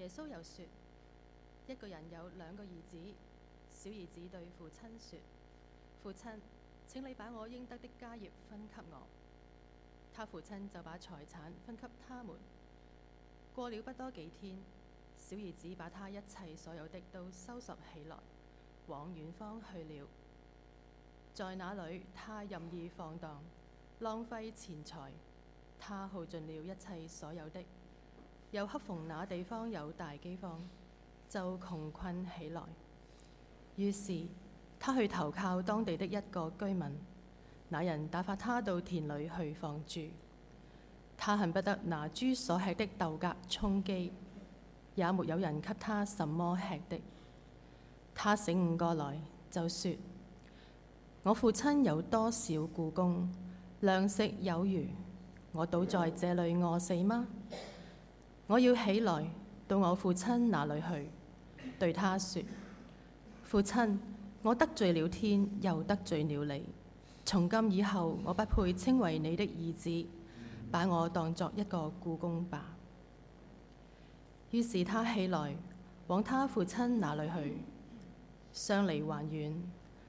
耶穌又説：一個人有兩個兒子，小兒子對父親説：父親，請你把我應得的家業分給我。他父親就把財產分給他們。過了不多幾天，小兒子把他一切所有的都收拾起來，往遠方去了。在那裏，他任意放蕩，浪費錢財，他耗盡了一切所有的。又恰逢那地方有大饑荒，就窮困起來。於是他去投靠當地的一個居民，那人打發他到田裏去放豬。他恨不得拿豬所吃的豆莢充飢，也沒有人給他什麼吃的。他醒悟過來，就說：我父親有多少僱工，糧食有餘，我倒在這裏餓死嗎？我要起來到我父親那裏去，對他說：父親，我得罪了天，又得罪了你。從今以後，我不配稱為你的兒子，把我當作一個雇工吧。於是他起來往他父親那裏去，相離還遠。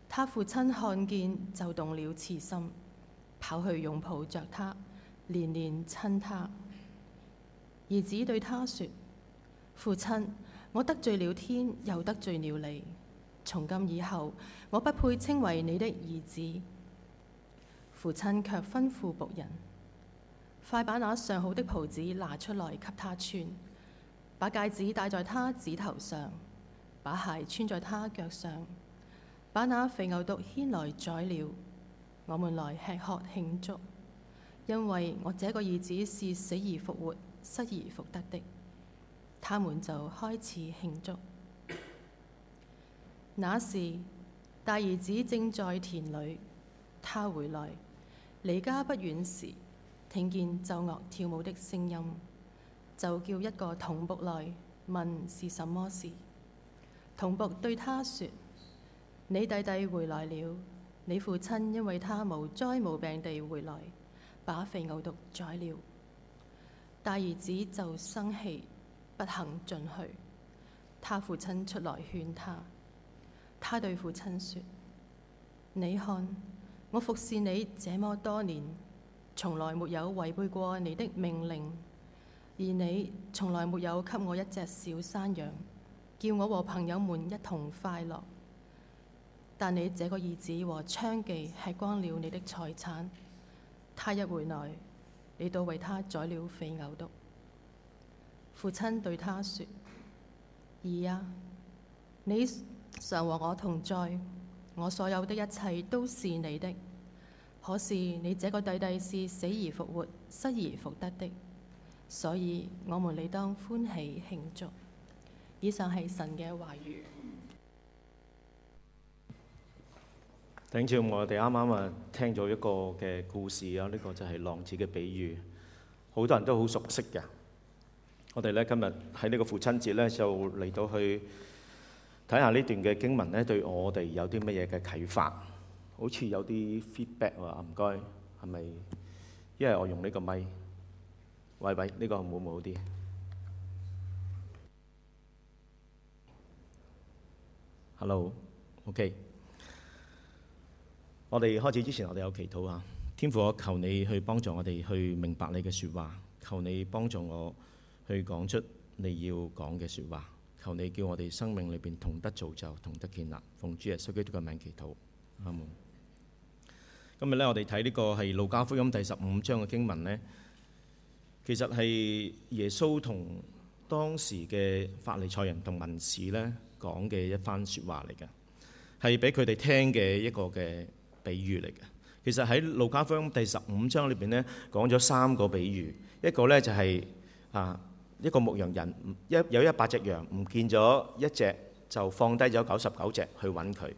他父親看見就動了慈心，跑去擁抱著他，連連親他。兒子對他說：父親，我得罪了天，又得罪了你。從今以後，我不配稱為你的兒子。父親卻吩咐僕人：快把那上好的袍子拿出來給他穿，把戒指戴在他指頭上，把鞋穿在他腳上，把那肥牛犢牽來宰了，我們來吃喝慶祝，因為我這個兒子是死而復活，失而復得的，他們就開始慶祝。 那時，大兒子正在田裏，他回來，離家不遠時，聽見奏樂跳舞的聲音，就叫一個童僕來問是什麼事。童僕對他說：“你弟弟回來了，你父親因為他無災無病地回來，把肥牛犢宰了。大兒子就生氣，不肯進去。他父親出來勸他，他對父親說：“你看，我服侍你這麼多年，從來沒有違背過你的命令，而你從來沒有給我一隻小山羊，叫我和朋友們一同快樂。但你這個兒子和娼妓吃光了你的財產。”他一回來。你都為他宰了肥牛犢。父親對他說：兒啊，你常和我同在，我所有的一切都是你的。可是你這個弟弟是死而復活、失而復得的，所以我們理當歡喜慶祝。以上係神嘅話語。頂住我哋啱啱啊聽咗一個嘅故事啊，呢個就係浪子嘅比喻，好多人都好熟悉嘅。我哋咧今日喺呢個父親節咧，就嚟到去睇下呢段嘅經文咧，對我哋有啲乜嘢嘅啟發？好似有啲 feedback 喎，唔該，係咪？因為我用呢個咪？喂喂，呢個好唔好啲。Hello，OK。我哋開始之前，我哋有祈禱啊！天父，我求你去幫助我哋去明白你嘅説話，求你幫助我去講出你要講嘅説話，求你叫我哋生命裏邊同得造就、同得建立。奉主耶穌基督嘅名祈禱，好唔好？嗯，今日咧，我哋睇呢個係《路加福音》第十五章嘅經文咧，其實係耶穌同當時嘅法利賽人同文士咧講嘅一番説話嚟㗎，係俾佢哋聽嘅一個嘅。比喻嚟嘅，其實喺《路加福音》第十五章裏邊呢，講咗三個比喻。一個呢就係、是、啊，一個牧羊人一有一百隻羊，唔見咗一隻，就放低咗九十九隻去揾佢。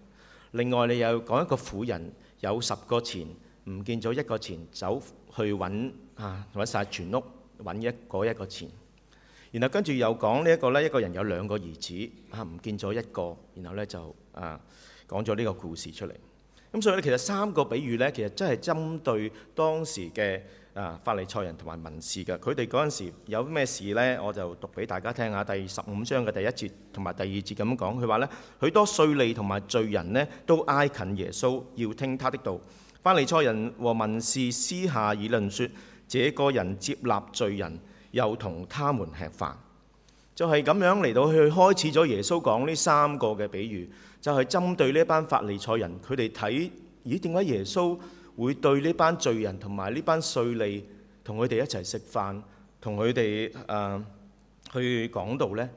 另外，你又講一個婦人有十個錢，唔見咗一個錢，走去揾啊，揾晒全屋揾一嗰一個錢。然後跟住又講呢一個呢，一個人有兩個兒子啊，唔見咗一個，然後呢，就啊講咗呢個故事出嚟。咁所以咧，其實三個比喻咧，其實真係針對當時嘅啊法利賽人同埋文士嘅。佢哋嗰陣時有咩事咧？我就讀俾大家聽下。第十五章嘅第一節同埋第二節咁講。佢話咧，許多稅吏同埋罪人咧都挨近耶穌，要聽他的道。法利賽人和文士私下議論說，這個人接納罪人，又同他們吃飯。就係咁樣嚟到去開始咗。耶穌講呢三個嘅比喻，就係針對呢班法利賽人。佢哋睇咦，點解耶穌會對呢班罪人同埋呢班稅吏同佢哋一齊食飯，同佢哋誒去講道咧？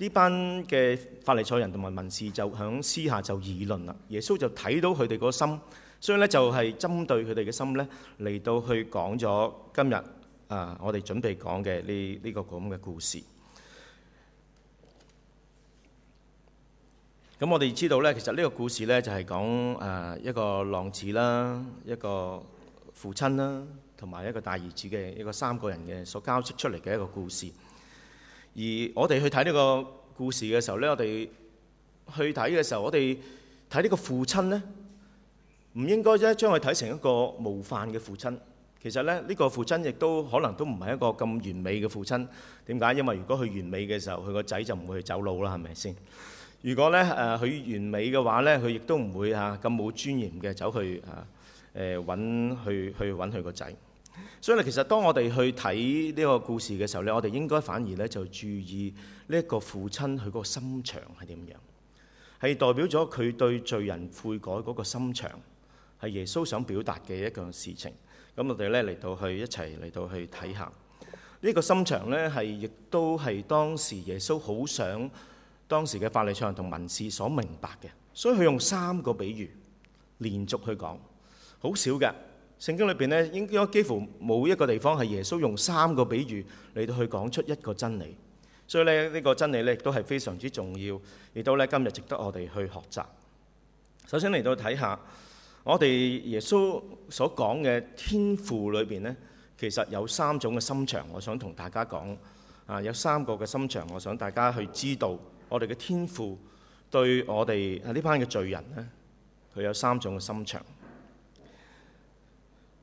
呢班嘅法利賽人同埋文士就響私下就議論啦。耶穌就睇到佢哋個心，所以咧就係針對佢哋嘅心咧嚟到去講咗今日啊，我哋準備講嘅呢呢個咁嘅故事。咁我哋知道呢，其實呢個故事呢，就係講誒一個浪子啦，一個父親啦，同埋一個大兒子嘅一個三個人嘅所交織出嚟嘅一個故事。而我哋去睇呢個故事嘅時候呢，我哋去睇嘅時候，我哋睇呢個父親呢，唔應該咧將佢睇成一個模範嘅父親。其實呢，呢、呢個父親亦都可能都唔係一個咁完美嘅父親。點解？因為如果佢完美嘅時候，佢個仔就唔會去走路啦，係咪先？如果咧誒佢完美嘅話咧，佢亦都唔會嚇咁冇尊嚴嘅走去嚇誒揾去去揾佢個仔。所以其實當我哋去睇呢個故事嘅時候咧，我哋應該反而咧就注意呢一個父親佢個心腸係點樣，係代表咗佢對罪人悔改嗰個心腸，係耶穌想表達嘅一樣事情。咁我哋咧嚟到去一齊嚟到去睇下呢個心腸咧係亦都係當時耶穌好想。當時嘅法理上同文士所明白嘅，所以佢用三個比喻連續去講，好少嘅聖經裏邊咧，應該幾乎冇一個地方係耶穌用三個比喻嚟到去講出一個真理。所以咧呢個真理咧亦都係非常之重要，亦都咧今日值得我哋去學習。首先嚟到睇下我哋耶穌所講嘅天父裏邊咧，其實有三種嘅心腸，我想同大家講啊，有三個嘅心腸，我想大家去知道。我哋嘅天父對我哋呢班嘅罪人呢，佢有三種嘅心腸。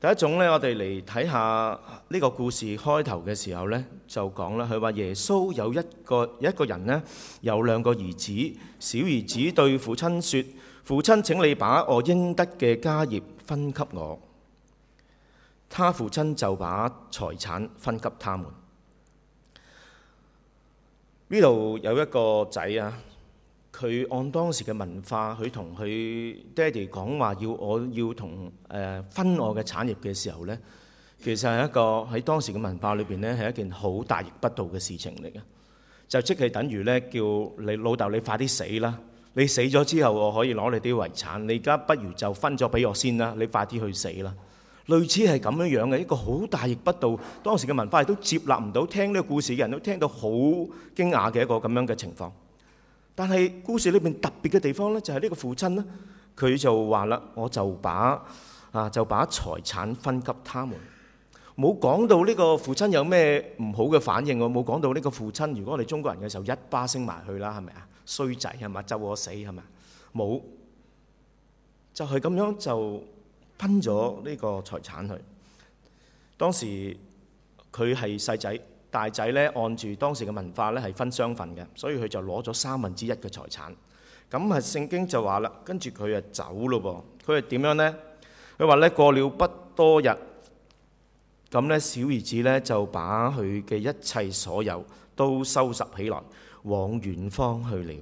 第一種呢，我哋嚟睇下呢個故事開頭嘅時候呢，就講啦，佢話耶穌有一個，一個人呢，有兩個兒子，小兒子對父親說：父親，請你把我應得嘅家業分給我。他父親就把財產分給他們。呢度有一個仔啊，佢按當時嘅文化，佢同佢爹哋講話，要我要同誒、呃、分我嘅產業嘅時候呢，其實係一個喺當時嘅文化裏邊呢，係一件好大逆不道嘅事情嚟嘅，就即係等於呢，叫你老豆你快啲死啦，你死咗之後我可以攞你啲遺產，你而家不如就分咗俾我先啦，你快啲去死啦。類似係咁樣樣嘅一個好大逆不道，當時嘅文化亦都接納唔到，聽呢個故事嘅人都聽到好驚訝嘅一個咁樣嘅情況。但係故事裏邊特別嘅地方咧，就係呢個父親咧，佢就話啦：我就把啊，就把財產分給他們。冇講到呢個父親有咩唔好嘅反應，我冇講到呢個父親。如果我哋中國人嘅時候一巴升埋去啦，係咪啊？衰仔係咪？咒我死係咪？冇。就係咁樣就。分咗呢個財產佢，當時佢係細仔，大仔呢，按住當時嘅文化呢，係分雙份嘅，所以佢就攞咗三分之一嘅財產。咁係聖經就話啦，跟住佢就走咯噃，佢係點樣呢？佢話呢，過了不多日，咁呢小兒子呢，就把佢嘅一切所有都收拾起來，往遠方去了。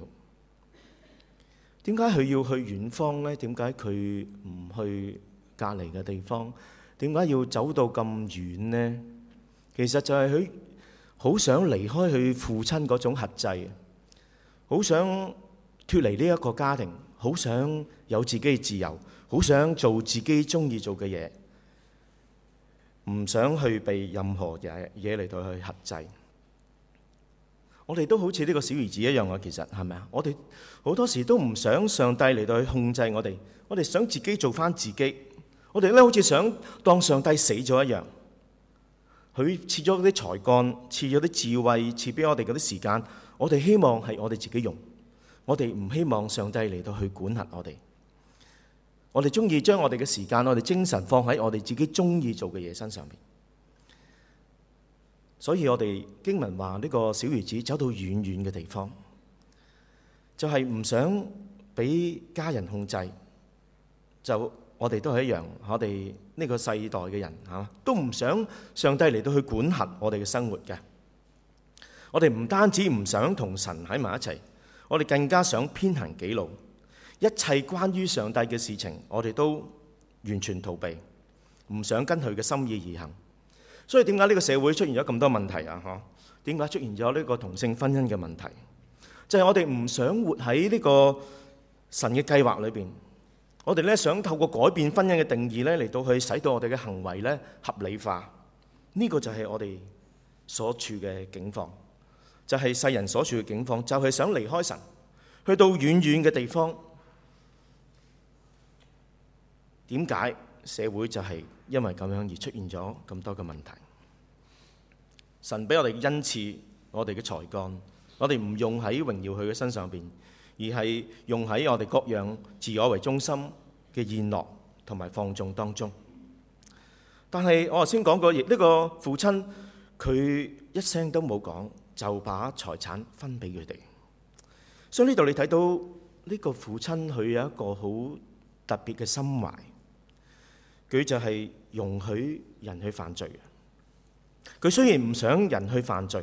點解佢要去遠方呢？點解佢唔去？隔離嘅地方，點解要走到咁遠呢？其實就係佢好想離開佢父親嗰種核制，好想脫離呢一個家庭，好想有自己嘅自由，好想做自己中意做嘅嘢，唔想去被任何嘢嘢嚟到去核制。我哋都好似呢個小兒子一樣啊！其實係咪啊？我哋好多時都唔想上帝嚟到去控制我哋，我哋想自己做返自己。我哋咧好似想當上帝死咗一樣，佢賜咗嗰啲才幹，賜咗啲智慧，賜俾我哋嗰啲時間，我哋希望係我哋自己用，我哋唔希望上帝嚟到去管轄我哋，我哋中意將我哋嘅時間，我哋精神放喺我哋自己中意做嘅嘢身上面。所以我哋經文話呢個小兒子走到遠遠嘅地方，就係、是、唔想俾家人控制，就。我哋都係一樣，我哋呢個世代嘅人吓、啊，都唔想上帝嚟到去管轄我哋嘅生活嘅。我哋唔單止唔想同神喺埋一齊，我哋更加想偏行己路，一切關於上帝嘅事情，我哋都完全逃避，唔想跟佢嘅心意而行。所以點解呢個社會出現咗咁多問題啊？吓，點解出現咗呢個同性婚姻嘅問題？就係、是、我哋唔想活喺呢個神嘅計劃裏邊。我哋咧想透過改變婚姻嘅定義咧，嚟到去使到我哋嘅行為咧合理化。呢個就係我哋所處嘅境況，就係世人所處嘅境況，就係想離開神，去到遠遠嘅地方。點解社會就係因為咁樣而出現咗咁多嘅問題？神俾我哋恩賜，我哋嘅才幹，我哋唔用喺榮耀佢嘅身上邊。而係用喺我哋各樣自我為中心嘅宴樂同埋放縱當中。但係我頭先講過，呢個父親佢一聲都冇講，就把財產分俾佢哋。所以呢度你睇到呢個父親，佢有一個好特別嘅心懷。佢就係容許人去犯罪。佢雖然唔想人去犯罪，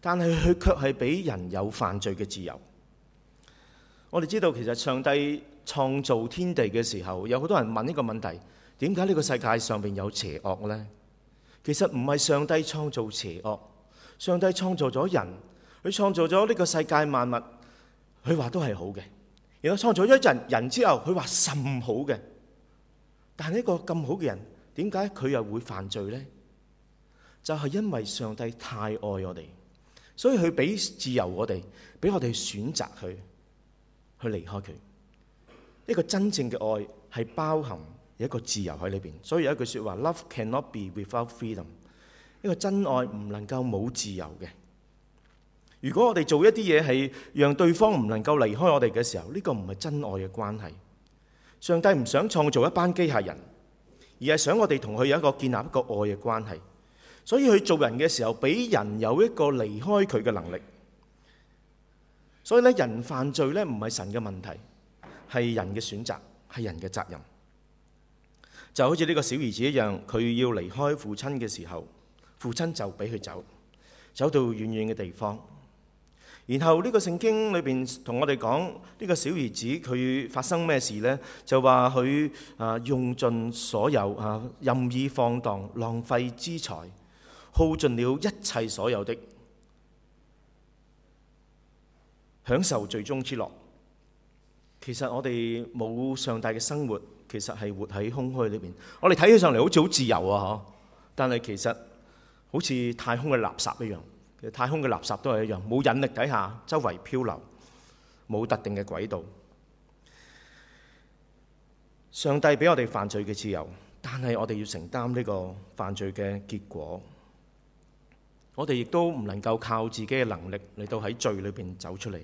但係佢卻係俾人有犯罪嘅自由。我哋知道，其實上帝創造天地嘅時候，有好多人問呢個問題：點解呢個世界上面有邪惡呢？其實唔係上帝創造邪惡，上帝創造咗人，佢創造咗呢個世界萬物，佢話都係好嘅。然後創造咗人，人之後佢話甚好嘅。但係呢個咁好嘅人，點解佢又會犯罪呢？就係因為上帝太愛我哋，所以佢俾自由我哋，俾我哋去選擇佢。去離開佢，一個真正嘅愛係包含一個自由喺裏邊。所以有一句説話：Love cannot be without freedom。一個真愛唔能夠冇自由嘅。如果我哋做一啲嘢係讓對方唔能夠離開我哋嘅時候，呢個唔係真愛嘅關係。上帝唔想創造一班機械人，而係想我哋同佢有一個建立一個愛嘅關係。所以去做人嘅時候，俾人有一個離開佢嘅能力。所以咧，人犯罪咧，唔係神嘅問題，係人嘅選擇，係人嘅責任。就好似呢個小兒子一樣，佢要離開父親嘅時候，父親就俾佢走，走到遠遠嘅地方。然後，呢個聖經裏邊同我哋講，呢個小兒子佢發生咩事呢？就話佢啊用盡所有啊任意放蕩浪費資財，耗盡了一切所有的。享受最終之樂，其實我哋冇上帝嘅生活，其實係活喺空虛裏邊。我哋睇起上嚟好似好自由啊，嗬！但係其實好似太空嘅垃圾一樣，太空嘅垃圾都係一樣，冇引力底下，周圍漂流，冇特定嘅軌道。上帝俾我哋犯罪嘅自由，但係我哋要承擔呢個犯罪嘅結果。我哋亦都唔能夠靠自己嘅能力嚟到喺罪裏邊走出嚟。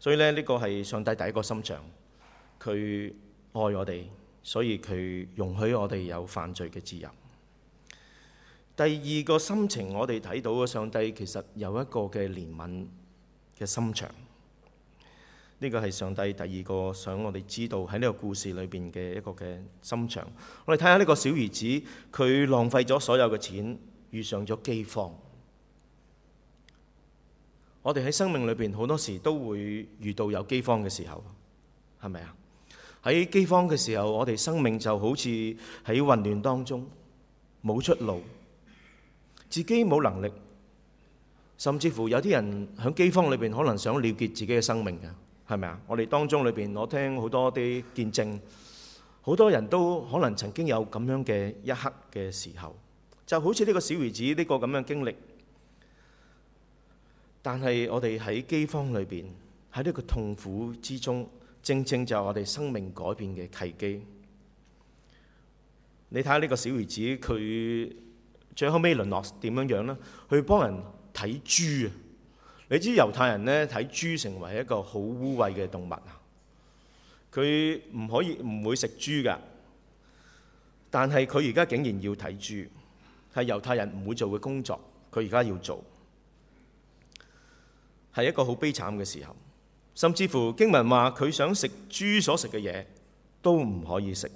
所以呢，呢個係上帝第一個心腸，佢愛我哋，所以佢容許我哋有犯罪嘅自由。第二個心情，我哋睇到嘅上帝其實有一個嘅憐憫嘅心腸。呢個係上帝第二個想我哋知道喺呢個故事裏邊嘅一個嘅心腸。我哋睇下呢個小兒子，佢浪費咗所有嘅錢，遇上咗饑荒。我哋喺生命裏邊好多時都會遇到有饑荒嘅時候，係咪啊？喺饑荒嘅時候，我哋生命就好似喺混亂當中，冇出路，自己冇能力，甚至乎有啲人喺饑荒裏邊可能想了結自己嘅生命嘅，係咪啊？我哋當中裏邊，我聽好多啲見證，好多人都可能曾經有咁樣嘅一刻嘅時候，就好似呢個小兒子呢個咁樣經歷。但係我哋喺饑荒裏邊，喺呢個痛苦之中，正正就係我哋生命改變嘅契機。你睇下呢個小兒子，佢最後尾淪落點樣樣呢？去幫人睇豬啊！你知猶太人呢，睇豬成為一個好污穢嘅動物啊！佢唔可以唔會食豬噶，但係佢而家竟然要睇豬，係猶太人唔會做嘅工作，佢而家要做。係一個好悲慘嘅時候，甚至乎經文話佢想食豬所食嘅嘢都唔可以食。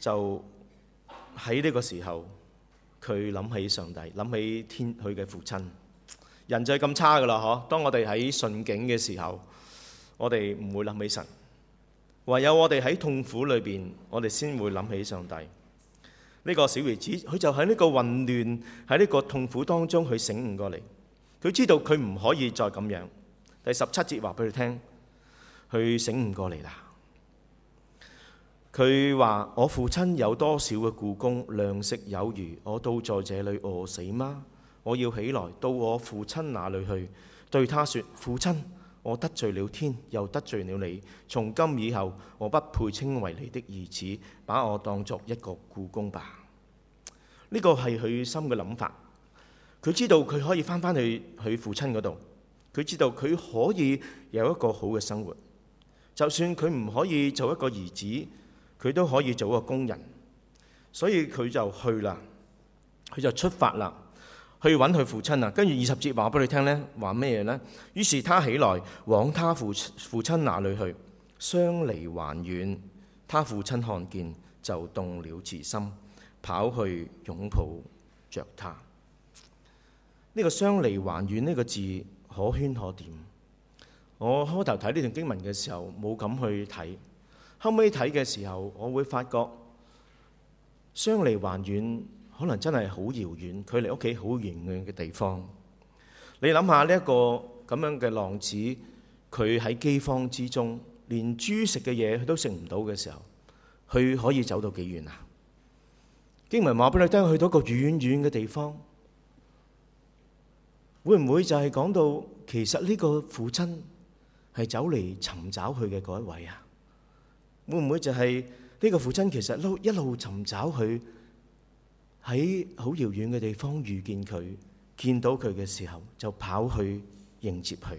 就喺呢個時候，佢諗起上帝，諗起天佢嘅父親。人就係咁差噶啦，嗬！當我哋喺順境嘅時候，我哋唔會諗起神；唯有我哋喺痛苦裏邊，我哋先會諗起上帝。呢個小兒子，佢就喺呢個混亂、喺呢個痛苦當中，佢醒悟過嚟。佢知道佢唔可以再咁樣。第十七節話俾佢聽，佢醒悟過嚟啦。佢話：我父親有多少嘅雇工糧食有餘，我倒在這裡餓死嗎？我要起來到我父親那裡去，對他說：父親。我得罪了天，又得罪了你。從今以後，我不配稱為你的兒子，把我當作一個僱工吧。呢、這個係佢心嘅諗法。佢知道佢可以翻返去佢父親嗰度。佢知道佢可以有一個好嘅生活。就算佢唔可以做一個兒子，佢都可以做一個工人。所以佢就去啦，佢就出發啦。去揾佢父親啊！跟住二十節話俾你聽呢，話咩嘢呢？於是他起來，往他父父親那裏去。相離還遠，他父親看見就動了慈心，跑去擁抱着他。呢個相離還遠呢個字可圈可點。我開頭睇呢段經文嘅時候，冇敢去睇，後尾睇嘅時候，我會發覺相離還遠。可能真係好遙遠，距離屋企好遠遠嘅地方。你諗下呢一個咁樣嘅浪子，佢喺饑荒之中，連豬食嘅嘢佢都食唔到嘅時候，佢可以走到幾遠啊？經文話俾你聽，去到一個遠遠嘅地方，會唔會就係講到其實呢個父親係走嚟尋找佢嘅嗰一位啊？會唔會就係呢個父親其實一路一路尋找佢？喺好遙遠嘅地方遇見佢，見到佢嘅時候就跑去迎接佢。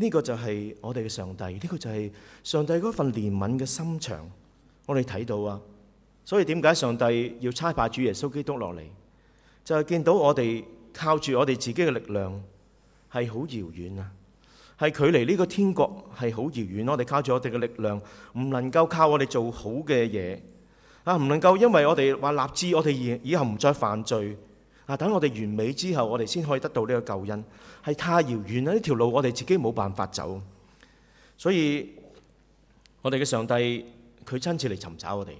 呢個就係我哋嘅上帝，呢個就係上帝嗰份憐憫嘅心腸。我哋睇到啊，所以點解上帝要差派主耶穌基督落嚟？就係見到我哋靠住我哋自己嘅力量係好遙遠啊，係距離呢個天國係好遙遠。我哋靠住我哋嘅力量唔能夠靠我哋做好嘅嘢。啊！唔能夠，因為我哋話立志，我哋以以後唔再犯罪。啊，等我哋完美之後，我哋先可以得到呢個救恩，係太遙遠啦！呢條路我哋自己冇辦法走，所以我哋嘅上帝佢親自嚟尋找我哋，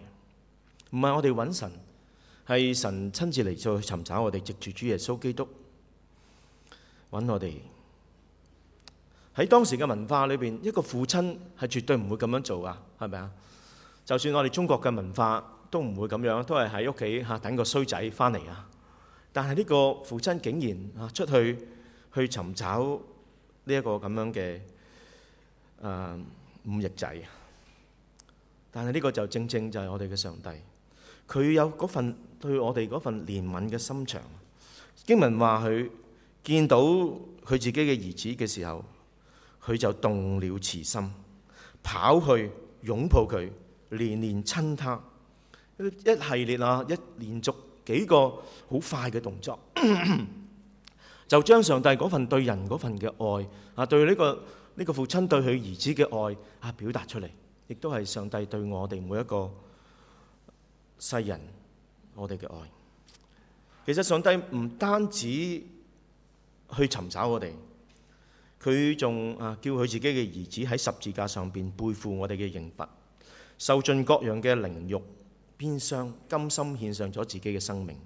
唔係我哋揾神，係神親自嚟再尋找我哋，藉住主耶穌基督揾我哋。喺當時嘅文化裏邊，一個父親係絕對唔會咁樣做呀，係咪啊？就算我哋中國嘅文化。都唔會咁樣，都係喺屋企嚇等個衰仔翻嚟啊。但係呢個父親竟然啊出去去尋找呢一個咁樣嘅誒忤逆仔。但係呢個就正正就係我哋嘅上帝，佢有嗰份對我哋嗰份憐憫嘅心腸。經文話佢見到佢自己嘅兒子嘅時候，佢就動了慈心，跑去擁抱佢，連連親他。一系列啊，一連續幾個好快嘅動作， 就將上帝嗰份對人嗰份嘅愛啊，對呢個呢個父親對佢兒子嘅愛啊，表達出嚟，亦都係上帝對我哋每一個世人我哋嘅愛。其實上帝唔單止去尋找我哋，佢仲啊叫佢自己嘅兒子喺十字架上邊背負我哋嘅刑罰，受盡各樣嘅凌辱。變相甘心獻上咗自己嘅生命，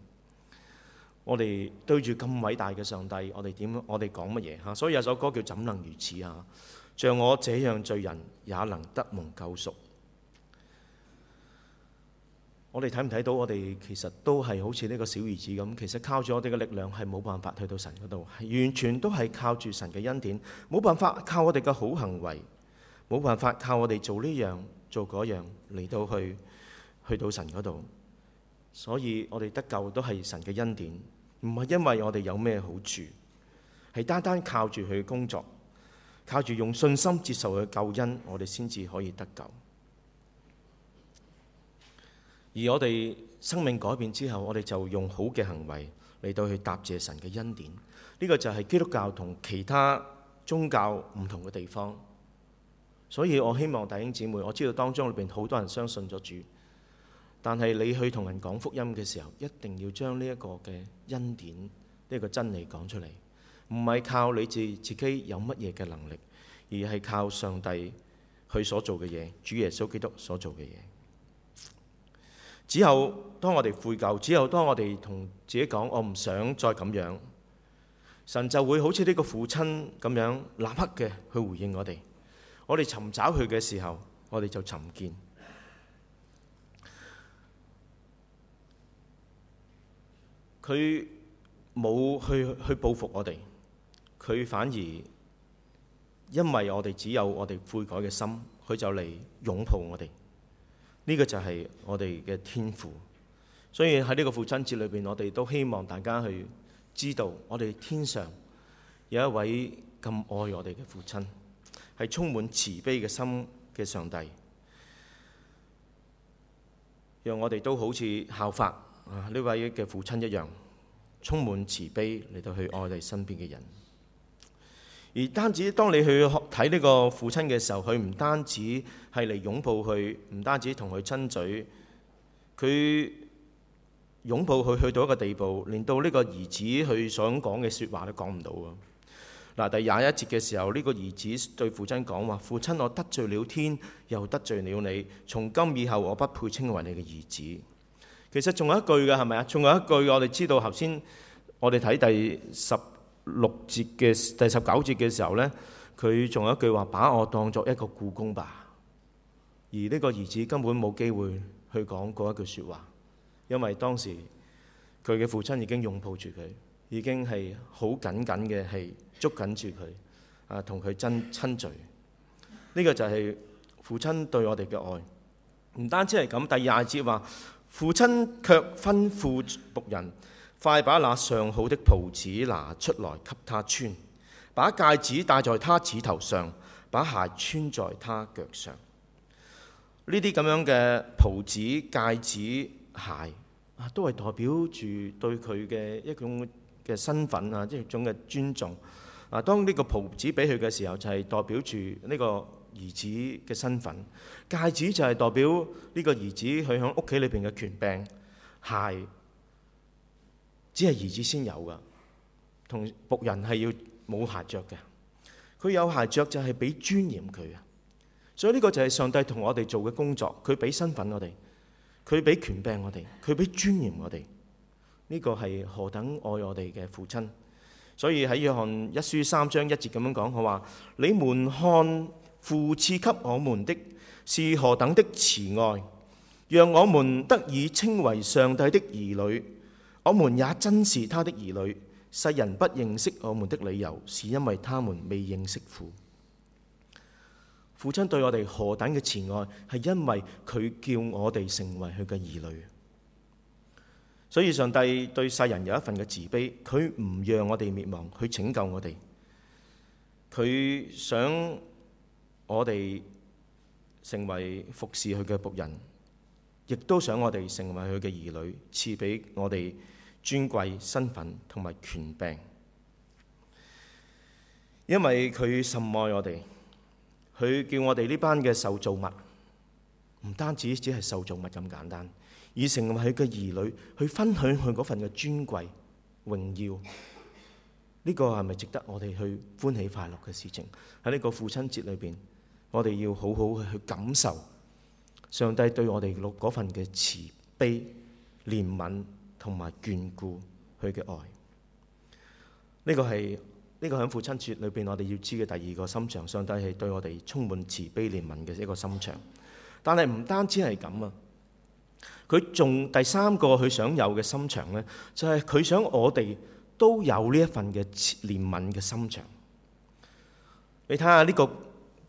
我哋對住咁偉大嘅上帝，我哋點，我哋講乜嘢吓？所以有首歌叫《怎能如此》啊，像我這樣罪人也能得蒙救贖。我哋睇唔睇到？我哋其實都係好似呢個小兒子咁，其實靠住我哋嘅力量係冇辦法去到神嗰度，係完全都係靠住神嘅恩典，冇辦法靠我哋嘅好行為，冇辦法靠我哋做呢樣做嗰樣嚟到去。去到神嗰度，所以我哋得救都係神嘅恩典，唔係因為我哋有咩好處，係單單靠住佢嘅工作，靠住用信心接受佢嘅救恩，我哋先至可以得救。而我哋生命改變之後，我哋就用好嘅行為嚟到去答謝神嘅恩典。呢個就係基督教同其他宗教唔同嘅地方。所以我希望弟兄姊妹，我知道當中裏邊好多人相信咗主。但係你去同人講福音嘅時候，一定要將呢一個嘅恩典呢個真理講出嚟，唔係靠你自己自己有乜嘢嘅能力，而係靠上帝佢所做嘅嘢，主耶穌基督所做嘅嘢。之後當我哋悔疚，之後當我哋同自己講我唔想再咁樣，神就會好似呢個父親咁樣，立刻嘅去回應我哋。我哋尋找佢嘅時候，我哋就尋見。佢冇去去報復我哋，佢反而因為我哋只有我哋悔改嘅心，佢就嚟擁抱我哋。呢、這個就係我哋嘅天父。所以喺呢個父親節裏邊，我哋都希望大家去知道，我哋天上有一位咁愛我哋嘅父親，係充滿慈悲嘅心嘅上帝，讓我哋都好似效法。啊！呢位嘅父親一樣，充滿慈悲嚟到去愛你身邊嘅人。而單止當你去睇呢個父親嘅時候，佢唔單止係嚟擁抱佢，唔單止同佢親嘴，佢擁抱佢去到一個地步，連到呢個兒子佢想講嘅説話都講唔到啊！嗱，第廿一節嘅時候，呢個兒子對父親講話：父親，我得罪了天，又得罪了你，從今以後我不配稱為你嘅兒子。其實仲有一句嘅，係咪啊？仲有一句我哋知道，頭先我哋睇第十六節嘅第十九節嘅時候呢，佢仲有一句話，把我當作一個僱工吧。而呢個兒子根本冇機會去講過一句說話，因為當時佢嘅父親已經擁抱住佢，已經係好緊緊嘅係捉緊住佢啊，同佢親親嘴。呢、呢個就係父親對我哋嘅愛。唔單止係咁，第二十節話。父親卻吩咐僕人：快把那上好的袍子拿出來給他穿，把戒指戴在他指頭上，把鞋穿在他腳上。呢啲咁樣嘅袍子、戒指、鞋啊，都係代表住對佢嘅一種嘅身份啊，一種嘅尊重。啊，當呢個袍子俾佢嘅時候，就係代表住呢個。兒子嘅身份，戒指就係代表呢個兒子佢響屋企裏邊嘅權柄，鞋，只係兒子先有噶，同僕人係要冇鞋着嘅，佢有鞋着就係俾尊嚴佢啊！所以呢個就係上帝同我哋做嘅工作，佢俾身份我哋，佢俾權柄我哋，佢俾尊嚴我哋，呢個係何等愛我哋嘅父親！所以喺約翰一書三章一節咁樣講，佢話：你們看。父賜給我們的，是何等的慈愛，讓我們得以稱為上帝的兒女。我們也真是他的兒女。世人不認識我們的理由，是因為他們未認識父。父親對我哋何等嘅慈愛，係因為佢叫我哋成為佢嘅兒女。所以上帝對世人有一份嘅慈悲，佢唔讓我哋滅亡，去拯救我哋。佢想。我哋成為服侍佢嘅僕人，亦都想我哋成為佢嘅兒女，賜俾我哋尊貴身份同埋權柄，因為佢深愛我哋，佢叫我哋呢班嘅受造物，唔單止只係受造物咁簡單，而成為佢嘅兒女，去分享佢嗰份嘅尊貴榮耀，呢個係咪值得我哋去歡喜快樂嘅事情？喺呢個父親節裏邊。我哋要好好去感受上帝對我哋六嗰份嘅慈悲、憐憫同埋眷顧，佢嘅愛。呢、這個係呢、這個響父親節裏邊，我哋要知嘅第二個心腸。上帝係對我哋充滿慈悲憐憫嘅一個心腸。但係唔單止係咁啊，佢仲第三個佢想有嘅心腸咧，就係、是、佢想我哋都有呢一份嘅憐憫嘅心腸。你睇下呢個。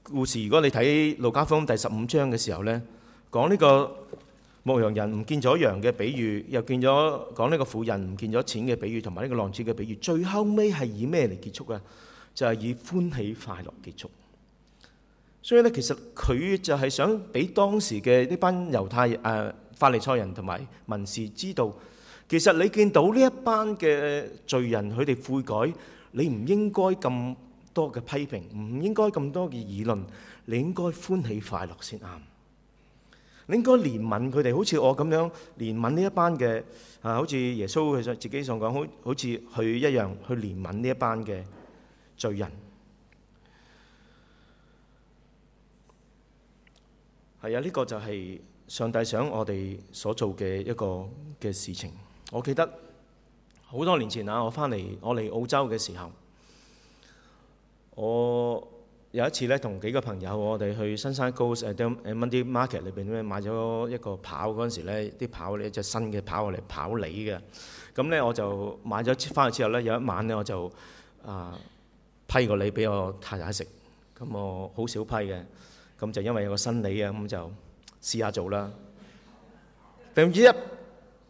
故事如果你睇路加福音第十五章嘅時候呢，講呢個牧羊人唔見咗羊嘅比喻，又見咗講呢個婦人唔見咗錢嘅比喻，同埋呢個浪子嘅比喻，最後尾係以咩嚟結束啊？就係以歡喜快樂結束。所以呢，其實佢就係想俾當時嘅呢班猶太誒法利賽人同埋文士知道，其實你見到呢一班嘅罪人佢哋悔改，你唔應該咁。多嘅批評，唔應該咁多嘅議論，你應該歡喜快樂先啱。你應該憐憫佢哋，好似我咁樣憐憫呢一班嘅啊，好似耶穌佢上自己想講，好好似佢一樣去憐憫呢一班嘅罪人。係啊，呢個就係上帝想我哋所做嘅一個嘅事情。我記得好多年前啊，我翻嚟我嚟澳洲嘅時候。我有一次咧，同幾個朋友我哋去新山高誒啲誒蚊啲 market 裏邊咧買咗一個刨。嗰陣時咧，啲刨咧一隻新嘅刨嚟刨梨嘅。咁咧我就買咗翻去之後咧，有一晚咧我就啊、呃、批個梨俾我太太食。咁我好少批嘅，咁就因為有個新梨啊，咁就試下做啦。突然之間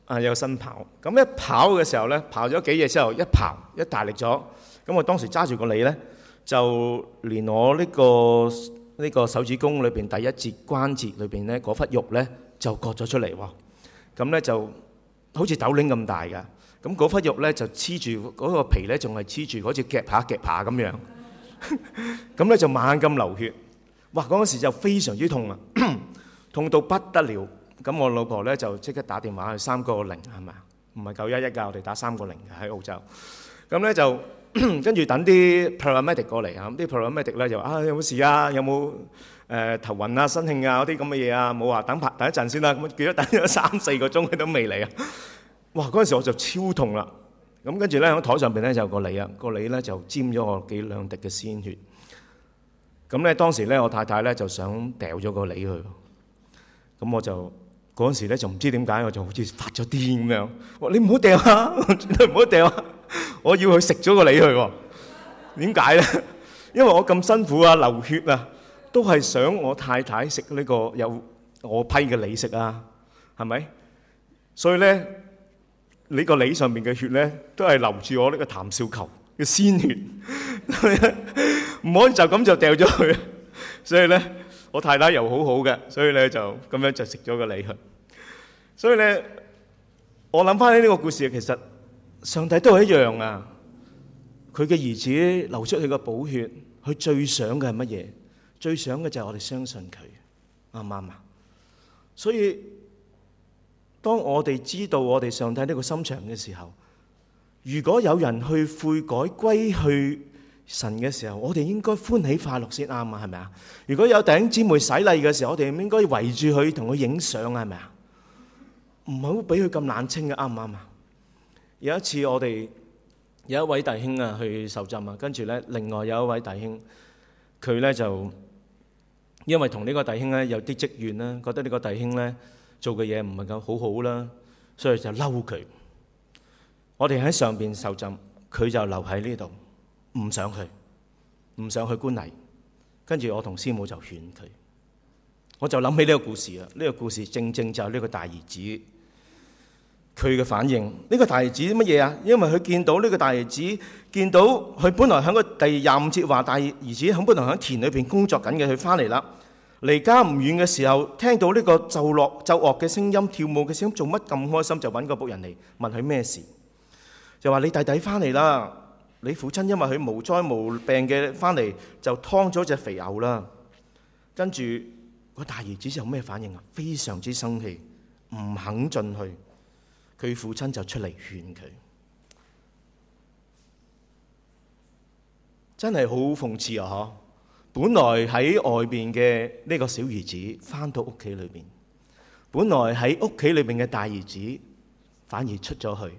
啊有新刨，咁一刨嘅時候咧，刨咗幾嘢之後，一刨一大力咗，咁我當時揸住個梨咧。就連我呢個呢個手指公裏邊第一節關節裏邊咧，嗰忽肉咧就割咗出嚟喎。咁咧就好似豆鈴咁大㗎。咁嗰忽肉咧就黐住嗰個皮咧，仲係黐住，好似夾下夾下咁樣。咁咧就猛咁流血。哇！嗰陣時就非常之痛啊，痛到不得了。咁我老婆咧就即刻打電話去三個零係咪啊？唔係九一一㗎，我哋打三個零嘅喺澳洲。咁咧就。跟住等啲 paramedic 過嚟嚇，咁啲 paramedic 咧就話：啊，有冇事啊？有冇誒頭暈啊、身慶啊嗰啲咁嘅嘢啊？冇啊，等排等一陣先啦。咁啊，結果等咗三四個鐘佢都未嚟啊！哇！嗰陣時我就超痛啦。咁跟住咧，喺台上邊咧就有個梨啊，個梨咧就沾咗我幾兩滴嘅鮮血。咁咧當時咧我太太咧就想掉咗個梨去。咁我就嗰陣時咧就唔知點解，我就好似發咗癲咁樣。我你唔好掉啊！你唔好掉啊！我要佢食咗個梨去喎。點解咧？因為我咁辛苦啊，流血啊，都係想我太太食呢個有我批嘅梨食啊，係咪？所以咧，呢、這個梨上面嘅血咧，都係流住我呢個譚紹球嘅鮮血，唔 可以就咁就掉咗佢。所以咧，我太太又好好嘅，所以咧就咁樣就食咗個梨去。所以咧，我諗翻起呢個故事，其實。上帝都係一樣啊！佢嘅兒子流出佢個寶血，佢最想嘅係乜嘢？最想嘅就係我哋相信佢，啱唔啱啊？所以當我哋知道我哋上帝呢個心腸嘅時候，如果有人去悔改歸去神嘅時候，我哋應該歡喜快樂先啱啊？係咪啊？如果有頂姊妹洗禮嘅時候，我哋應該圍住佢同佢影相啊？係咪啊？唔好俾佢咁冷清嘅，啱唔啱啊？有一次我，我哋有一位弟兄啊去受浸啊，跟住咧，另外有一位弟兄，佢咧就因為同呢個弟兄咧有啲積怨啦，覺得呢個弟兄咧做嘅嘢唔係咁好好啦，所以就嬲佢。我哋喺上邊受浸，佢就留喺呢度，唔想去，唔想去觀禮。跟住我同師母就勸佢，我就諗起呢個故事啊，呢、呢個故事正正就係呢個大兒子。佢嘅反應，呢個大兒子乜嘢啊？因為佢見到呢個大兒子，見到佢本來喺個第廿五節話大兒子，肯本來喺田裏邊工作緊嘅，佢翻嚟啦，離家唔遠嘅時候，聽到呢個奏樂奏樂嘅聲音、跳舞嘅聲音，做乜咁開心？就揾個僕人嚟問佢咩事，就話你弟弟翻嚟啦，你父親因為佢無災無病嘅翻嚟，就劏咗隻肥牛啦。跟住個大兒子有咩反應啊？非常之生氣，唔肯進去。佢父親就出嚟勸佢，真係好諷刺啊！嗬，本來喺外邊嘅呢個小兒子返到屋企裏邊，本來喺屋企裏邊嘅大兒子，反而出咗去。